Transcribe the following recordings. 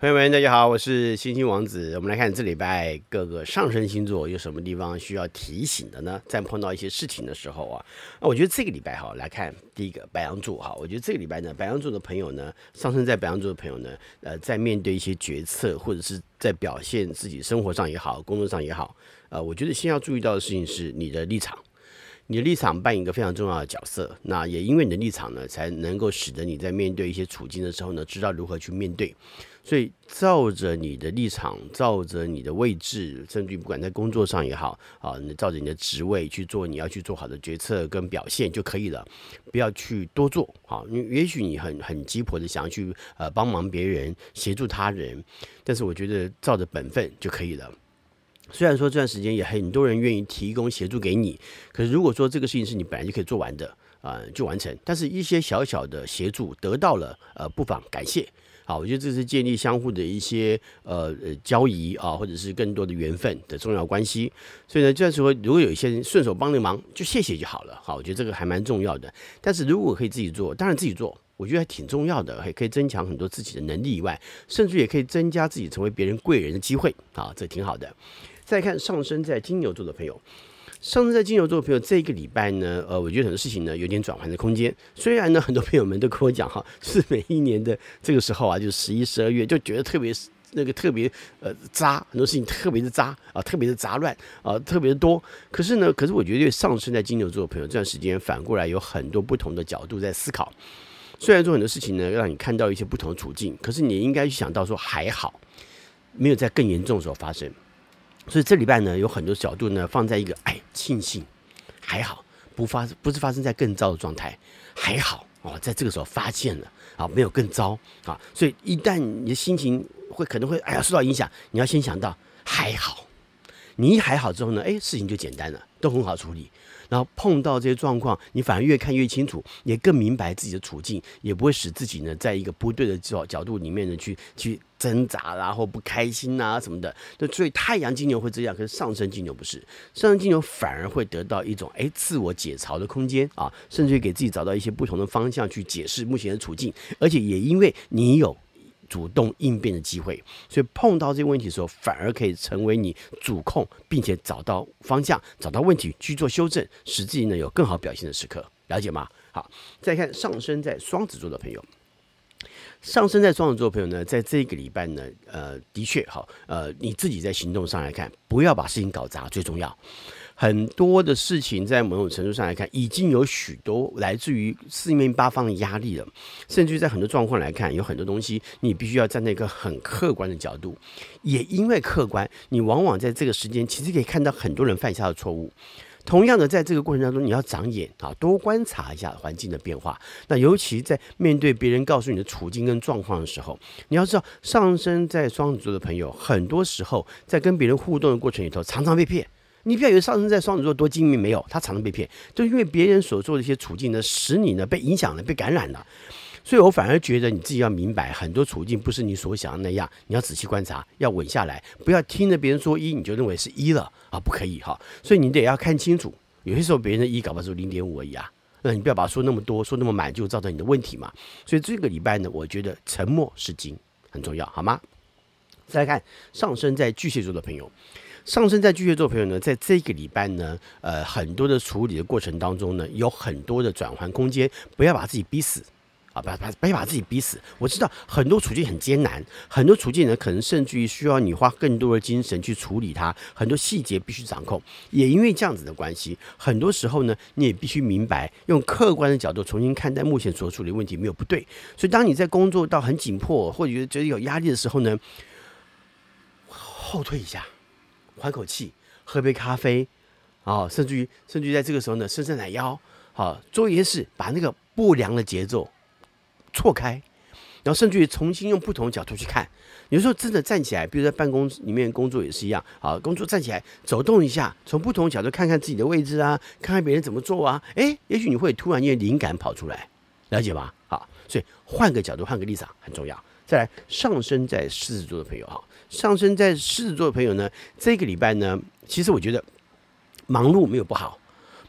朋友們，大家好，我是星星王子。我們來看這禮拜各個上升星座有什麼地方需要提醒的呢？在碰到一些事情的時候啊，那我覺得這個禮拜哈，來看第一個白羊座哈，我覺得這個禮拜呢，白羊座的朋友呢，上升在白羊座的朋友呢，呃，在面對一些決策或者是在表現自己生活上也好，工作上也好，呃，我覺得先要注意到的事情是你的立場。你的立場扮演一個非常重要的角色，那也因為你的立場呢，才能夠使得你在面對一些處境的時候呢，知道如何去面對。所以照着你的立場，照着你的位置，甚至於不管在工作上也好啊，你照着你的職位去做你要去做好的決策跟表現就可以了，不要去多做。啊，你也許你很很雞婆的想要去呃幫忙別人協助他人，但是我覺得照着本分就可以了。雖然說這段時間也很多人願意提供協助給你，可是如果說這個事情，是你本來就可以做完的啊、呃，就完成。但是一些小小的協助得到了，呃，不妨感謝。好，我覺得這是建立相互的一些呃呃交易啊，或者是更多的緣分的重要關係。所以呢，這時候如果有一些人順手幫了忙，就謝謝就好了。好，我覺得這個還蠻重要的。但是如果可以自己做，當然自己做，我覺得還挺重要的，還可以增強很多自己的能力以外，甚至也可以增加自己成為別人貴人的機會。啊，這挺好的。再看上升在金牛座的朋友，上升在金牛座的朋友，這一個禮拜呢，呃，我覺得很多事情呢，有點轉換的空間。雖然呢，很多朋友們都跟我講，哈，是每一年的這個時候啊，就是十一、十二月，就覺得特別那個特別呃雜，很多事情特別的雜啊，特別的雜亂啊，特別的多。可是呢，可是我覺得上升在金牛座的朋友，這段時間反過來有很多不同的角度在思考。雖然說很多事情呢，讓你看到一些不同的處境，可是你應該想到說，還好沒有在更嚴重的時候發生。所以這禮拜呢，有很多角度呢，放在一個哎慶幸，還好不發不是發生在更糟的狀態，還好哦，在這個時候發現了啊，沒有更糟啊，所以一旦你的心情會可能會哎呀受到影響，你要先想到還好，你一還好之後呢，哎，事情就簡單了，都很好處理，然後碰到這些狀況，你反而越看越清楚，也更明白自己的處境，也不會使自己呢，在一個不對的角角度裡面呢，去去。掙扎、啊，然後不開心吶、啊、什麼的，那所以太陽金牛會這樣，可是上升金牛不是，上升金牛反而會得到一種誒自我解嘲的空間啊，甚至於給自己找到一些不同的方向去解釋目前的處境，而且也因為你有主動應變的機會，所以碰到這些問題的時候，反而可以成為你主控，並且找到方向，找到問題去做修正，使自己呢有更好表現的時刻，了解嗎？好，再看上升在雙子座的朋友。上升在雙子座的朋友呢，在這個禮拜呢，呃，的確好，呃，你自己在行動上來看，不要把事情搞砸，最重要。很多的事情在某種程度上來看，已經有許多來自於四面八方的壓力了。甚至在很多狀況來看，有很多東西你必須要站在一個很客觀的角度。也因為客觀，你往往在這個時間，其實可以看到很多人犯下的錯誤。同樣的，在這個過程當中，你要長眼啊，多觀察一下環境的變化。那尤其在面對別人告訴你的處境跟狀況的時候，你要知道，上升在雙子座的朋友，很多時候在跟別人互動的過程裡頭，常常被騙。你不要以為上升在雙子座多精明，沒有，他常常被騙，就因為別人所做的一些處境呢，使你呢被影響了，被感染了。所以，我反而覺得你自己要明白，很多處境不是你所想的那樣。你要仔細觀察，要穩下來，不要聽着別人說一，你就認為是一了啊，不可以哈。所以你得要看清楚，有些時候別人的一搞不好是零點五而已啊。那你不要把他說那麼多，說那麼滿，就造成你的問題嘛。所以這個禮拜呢，我覺得沉默是金很重要，好嗎？再來看上升在巨蟹座的朋友，上升在巨蟹座的朋友呢，在這個禮拜呢，呃，很多的處理的過程當中呢，有很多的轉換空間，不要把自己逼死。把別把自己逼死！我知道很多處境很艱難，很多處境呢，可能甚至於需要你花更多的精神去處理它，很多細節必須掌控。也因為這樣子的關係，很多時候呢，你也必須明白，用客觀的角度重新看待目前所處理問題沒有不對。所以，當你在工作到很緊迫或者覺得有壓力的時候呢，後退一下，緩口氣，喝杯咖啡，啊、哦，甚至於甚至於在這個時候呢，伸伸懶腰，好做一些事，把那個不良的節奏。錯開，然後甚至於重新用不同的角度去看。有時候真的站起來，比如在辦公室裡面工作也是一樣，好，工作站起來走動一下，從不同角度看看自己的位置啊，看看別人怎麼做啊。哎，也許你會突然間靈感跑出來，了解吧？好，所以換個角度，換個立場很重要。再來，上升在獅子座的朋友啊，上升在獅子座的朋友呢，這個禮拜呢，其實我覺得忙碌沒有不好。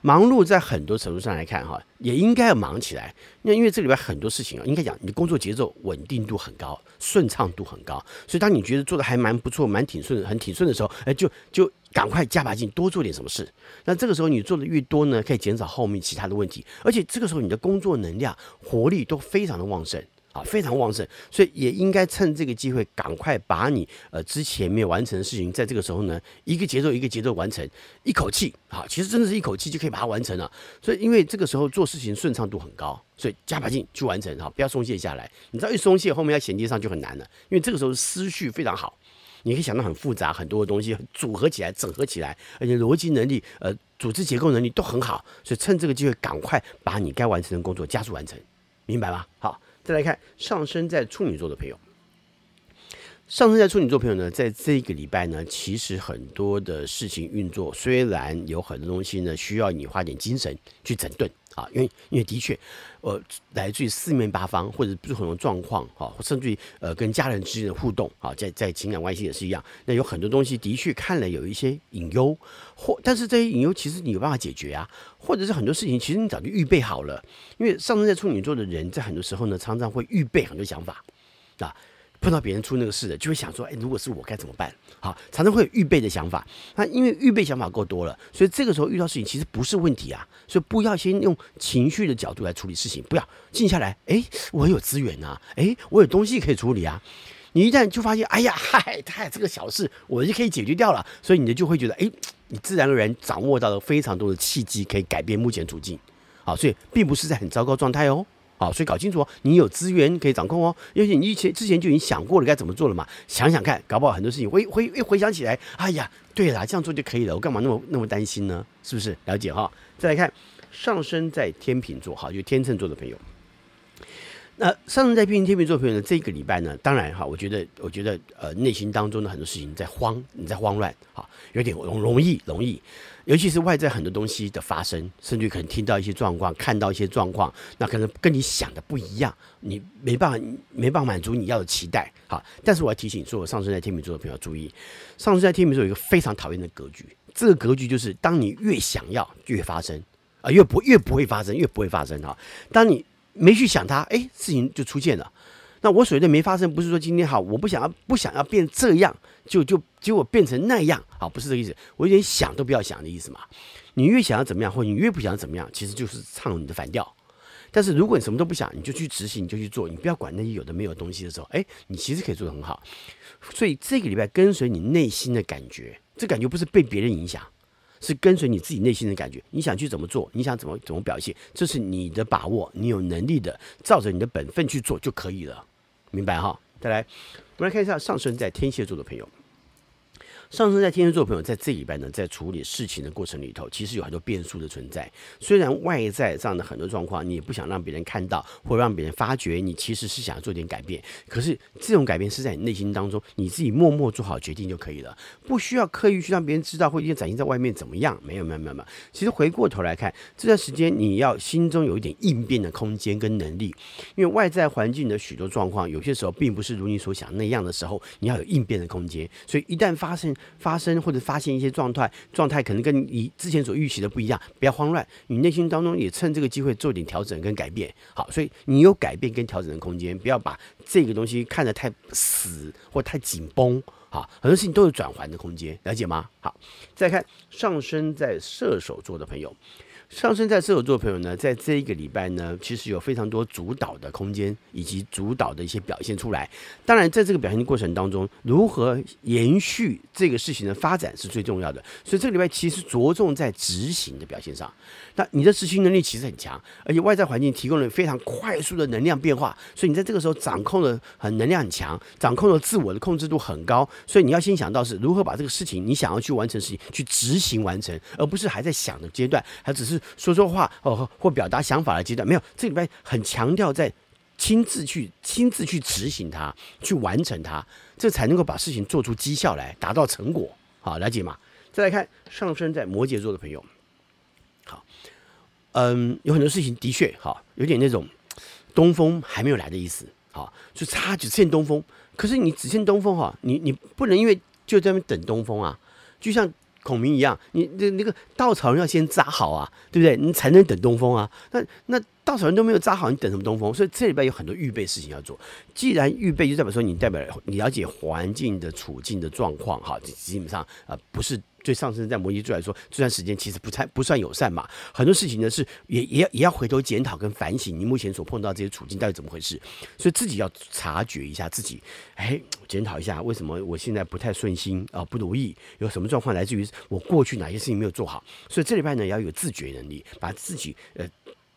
忙碌在很多程度上來看，哈，也應該要忙起來。那因為這裡邊很多事情啊，應該講，你工作節奏穩定度很高，順暢度很高。所以當你覺得做的還蠻不錯，蠻挺順，很挺順的時候，哎，就就趕快加把勁，多做點什麼事。那這個時候你做的越多呢，可以減少後面其他的問題。而且這個時候你的工作能量、活力都非常的旺盛。啊，非常旺盛，所以也應該趁這個機會，趕快把你呃之前沒有完成的事情，在這個時候呢，一個節奏一個節奏完成，一口氣啊，其實真的是一口氣就可以把它完成了。所以，因為這個時候做事情順暢度很高，所以加把勁去完成哈，不要鬆懈下來。你知道，一鬆懈後面要銜接上就很難了。因為這個時候思緒非常好，你可以想到很複雜很多的東西，組合起來、整合起來，而且邏輯能力、呃，組織結構能力都很好。所以趁這個機會，趕快把你該完成的工作加速完成，明白嗎？好。再來看上升在處女座的朋友，上升在處女座朋友呢，在這個禮拜呢，其實很多的事情運作，雖然有很多東西呢，需要你花點精神去整頓。啊，因為因為的確，呃，來自於四面八方，或者不同的狀況，哈、哦，或甚至於呃，跟家人之間的互動，啊、哦，在在情感關係也是一樣。那有很多東西的確看了有一些隱憂，或但是這些隱憂其實你有辦法解決啊，或者是很多事情其實你早就預備好了，因為上升在處女座的人在很多時候呢，常常會預備很多想法，啊。碰到別人出那個事的，就會想說：哎，如果是我該怎麼辦？好，常常會有預備的想法。那因為預備想法夠多了，所以這個時候遇到事情其實不是問題啊。所以不要先用情緒的角度來處理事情，不要，靜下來。哎，我有資源啊，哎，我有東西可以處理啊。你一旦就發現，哎呀，嗨，太這個小事我就可以解決掉了。所以你呢就會覺得，哎，你自然而然掌握到了非常多的契機，可以改變目前處境。好，所以並不是在很糟糕狀態哦。好，所以搞清楚哦，你有資源可以掌控哦，因為你以前之前就已經想過了該怎麼做了嘛。想想看，搞不好很多事情回回一回想起來，哎呀，對啦，這樣做就可以了，我幹嘛那麼那麼擔心呢？是不是？了解哈、哦。再來看，上升在天秤座，哈，就是、天秤座的朋友。那上升在天秤天秤座的朋友呢，這個禮拜呢，當然哈，我覺得，我覺得，呃，內心當中的很多事情在慌，你在慌亂，哈，有點容容易容易，尤其是外在很多東西的發生，甚至可能聽到一些狀況，看到一些狀況，那可能跟你想的不一樣，你沒辦法，沒辦法滿足你要的期待，哈，但是我要提醒所有上升在天秤座的朋友要注意，上升在天秤座有一個非常討厭的格局，這個格局就是，當你越想要，越發生，啊、呃，越不越不會發生，越不會發生，哈，當你，沒去想它，哎，事情就出現了。那我所謂的沒發生，不是說今天好，我不想要，不想要變這樣，就就結果變成那樣好，不是這個意思。我有點想都不要想的意思嘛。你越想要怎麼樣，或你越不想怎麼樣，其實就是唱你的反調。但是如果你什麼都不想，你就去執行，你就去做，你不要管那些有的沒有東西的時候，哎，你其實可以做得很好。所以這個禮拜，跟隨你內心的感覺，這感覺不是被別人影響。是跟隨你自己內心的感覺，你想去怎麼做，你想怎麼怎麼表現，這是你的把握，你有能力的，照着你的本分去做就可以了，明白哈、哦？再來，我們來看一下上升在天蠍座的朋友。上升在天蠍座朋友，在這禮拜呢，在處理事情的過程裡頭，其實有很多變數的存在。雖然外在上的很多狀況，你也不想讓別人看到，或讓別人發覺，你其實是想要做點改變。可是，這種改變是在你內心當中，你自己默默做好決定就可以了，不需要刻意去讓別人知道，或去展現在外面怎麼樣。沒有，沒有，沒有。其實回過頭來看，這段時間你要心中有一點應變的空間跟能力，因為外在環境的許多狀況，有些時候並不是如你所想那樣的時候，你要有應變的空間。所以，一旦發生，發生或者發現一些狀態，狀態可能跟你之前所預期的不一樣，不要慌亂，你內心當中也趁這個機會做一點調整跟改變，好，所以你有改變跟調整的空間，不要把這個東西看得太死或太緊繃，好，很多事情都有轉圜的空間，了解嗎？好，再看上升在射手座的朋友。上升在射手座的朋友呢，在這一個禮拜呢，其實有非常多主導的空間，以及主導的一些表現出來。當然，在這個表現的過程當中，如何延續這個事情的發展是最重要的。所以，這個禮拜其實着重在執行的表現上。那你的執行能力其實很強，而且外在環境提供了非常快速的能量變化，所以你在這個時候掌控的很能量很強，掌控的自我的控制度很高。所以你要先想到是如何把這個事情，你想要去完成事情，去執行完成，而不是還在想的階段，還只是。說說話哦、呃，或表達想法的階段沒有，這個、禮拜很強調在親自去、親自去執行它、去完成它，這才能夠把事情做出績效來，達到成果。好，了解嗎？再來看上升在摩羯座的朋友，好，嗯，有很多事情的確哈，有點那種東風還沒有來的意思，好，就差只欠東風。可是你只欠東風哈，你你不能因為就在那邊等東風啊，就像。孔明一樣，你那那個稻草人要先紮好啊，對不對？你才能等東風啊。那那稻草人都沒有紮好，你等什麼東風？所以這裡邊有很多預備事情要做。既然預備，就代表說你代表了你了解環境的處境的狀況。哈，基本上啊、呃，不是對上升在摩羯座來說，這段時間其實不太不算友善嘛。很多事情呢，是也也要也要回頭檢討跟反省你目前所碰到這些處境到底怎麼回事。所以自己要察覺一下自己，誒，檢討一下為什麼我現在不太順心啊、呃，不如意，有什麼狀況來自於我過去哪些事情沒有做好？所以這裡邊呢，要有自覺能力，把自己呃。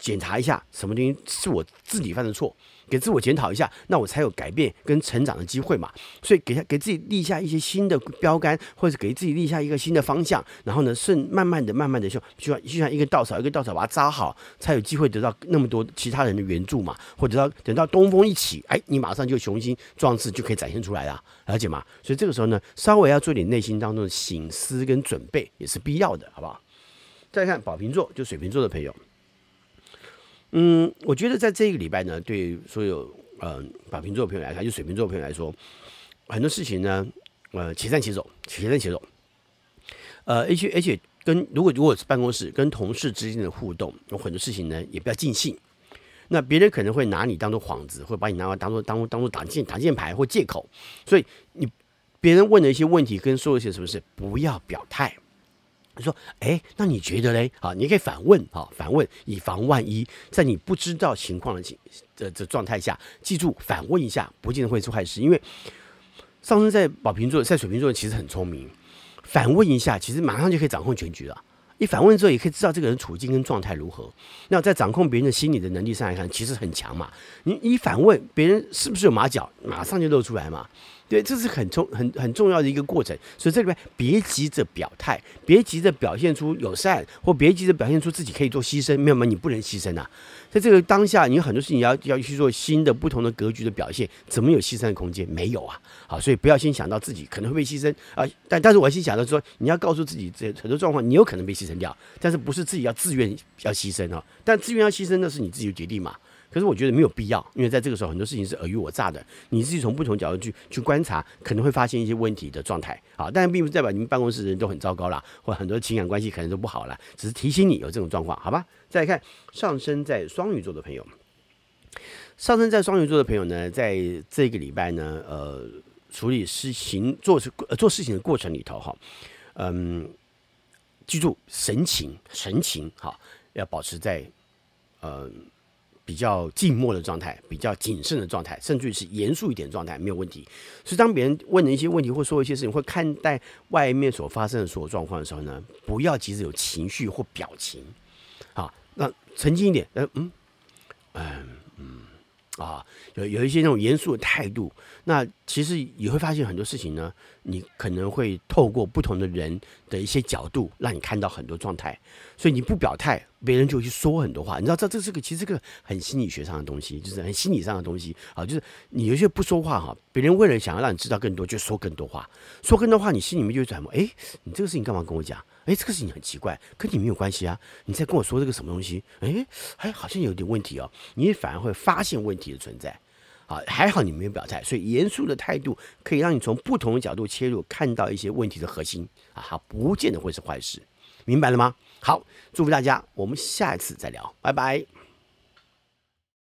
檢查一下什麼東西是我自己犯的錯，給自我檢討一下，那我才有改變跟成長的機會嘛。所以給他給自己立下一些新的標杆，或者給自己立下一個新的方向，然後呢，順慢慢的、慢慢的，就就像就像一個稻草，一個稻草把它紮好，才有機會得到那麼多其他人的援助嘛。或者到等到東風一起，哎，你馬上就雄心壯志就可以展現出來啦了，而且嘛，所以這個時候呢，稍微要做點內心當中的省思跟準備也是必要的，好不好？再看寶瓶座，就水瓶座的朋友。嗯，我覺得在這個禮拜呢，對於所有呃，寶瓶座朋友來看，就水瓶座朋友來說，很多事情呢，呃，且戰且走，且戰且走。呃，而且，而且跟如果如果是辦公室跟同事之間的互動，有很多事情呢，也不要盡興。那別人可能會拿你當做幌子，會把你拿來當做當當做擋箭擋箭牌或借口。所以你別人問的一些問題跟說一些什麼事，不要表態。你說，哎，那你覺得嘞？啊，你可以反問，啊，反問，以防萬一，在你不知道情況的情的這狀態下，記住反問一下，不見得會出壞事。因為上升在寶瓶座，在水瓶座其實很聰明，反問一下，其實馬上就可以掌控全局了。一反問之後，也可以知道這個人處境跟狀態如何。那在掌控別人的心理的能力上來看，其實很強嘛。你你反問別人是不是有馬腳，馬上就露出來嘛。對，這是很重很很重要的一個過程，所以這裡面別急着表態，別急着表現出友善，或別急着表現出自己可以做犧牲。沒有嗎？你不能犧牲啊！在這個當下，你有很多事情要要去做新的、不同的格局的表現，怎麼有犧牲的空間？沒有啊！好，所以不要先想到自己可能會被犧牲啊、呃！但但是我還先想到說，你要告訴自己，這很多狀況你有可能被犧牲掉，但是不是自己要自願要犧牲啊、哦？但自願要犧牲的是你自己的決定嘛？可是我覺得沒有必要，因為在這個時候很多事情是爾虞我詐的。你自己從不同角度去去觀察，可能會發現一些問題的狀態啊。但並不是代表你們辦公室的人都很糟糕啦，或很多情感關係可能都不好了。只是提醒你有這種狀況，好吧？再來看上升在雙魚座的朋友，上升在雙魚座的朋友呢，在這個禮拜呢，呃，處理事情、做、呃、做事情的過程裡頭，哈、哦，嗯，記住神情神情哈，要保持在嗯。呃比較靜默的狀態，比較謹慎的狀態，甚至是嚴肅一點狀態沒有問題。所以當別人問的一些問題或說一些事情，會看待外面所發生的所有狀況的時候呢，不要急着有情緒或表情。好，那沉靜一點，嗯嗯嗯啊，有有一些那種嚴肅的態度，那其實你會發現很多事情呢。你可能會透過不同的人的一些角度，讓你看到很多狀態。所以你不表態，別人就去說很多話。你知道，這這是個其實是個很心理學上的東西，就是很心理上的東西。好，就是你有些不說話哈，別人為了想要讓你知道更多，就說更多話。說更多話，你心裡面就會揣摩：哎，你這個事情幹嘛跟我講？哎，這個事情很奇怪，跟你沒有關係啊。你在跟我說這個什麼東西？哎，還好像有點問題哦。你反而會發現問題的存在。啊，還好你沒有表態，所以嚴肅的態度可以讓你從不同的角度切入，看到一些問題的核心啊，它不見得會是壞事，明白了嗎？好，祝福大家，我們下一次再聊，拜拜。